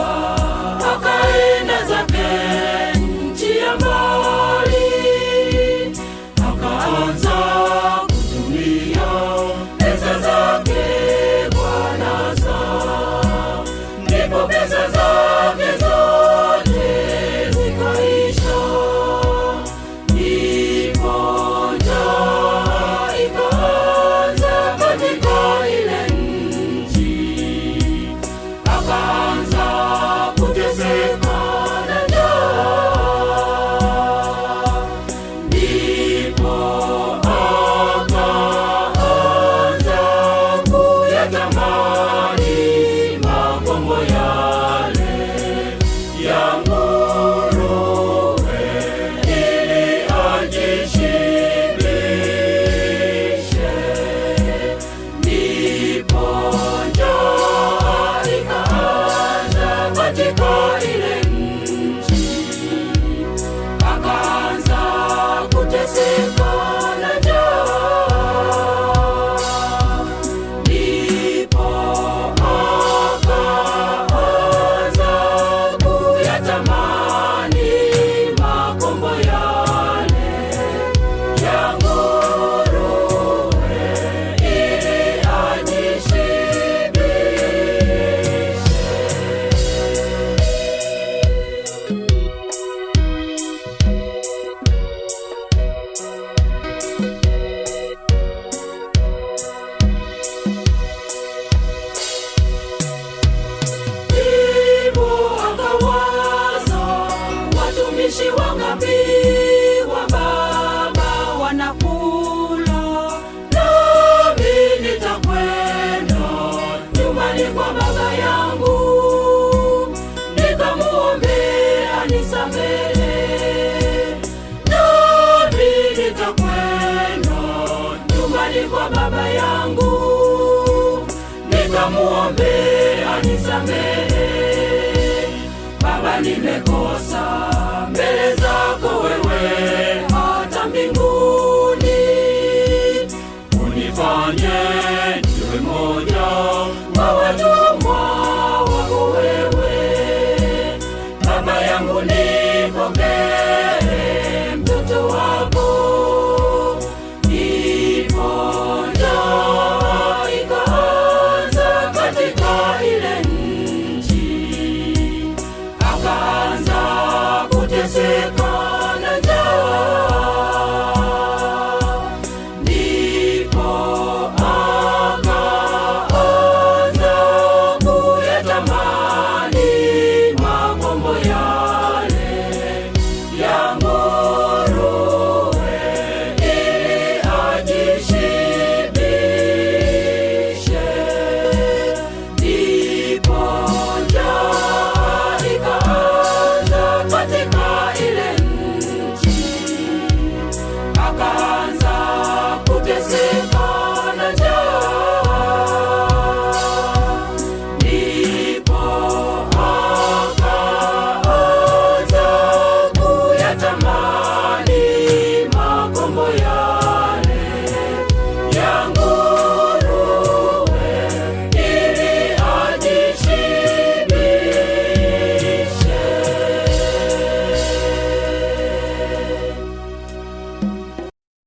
whoa. katika kwa baba yangu, nikamuombe anisamehe. Baba, nimekosa mbele zako wewe, hata mbinguni, unifanye niwe moja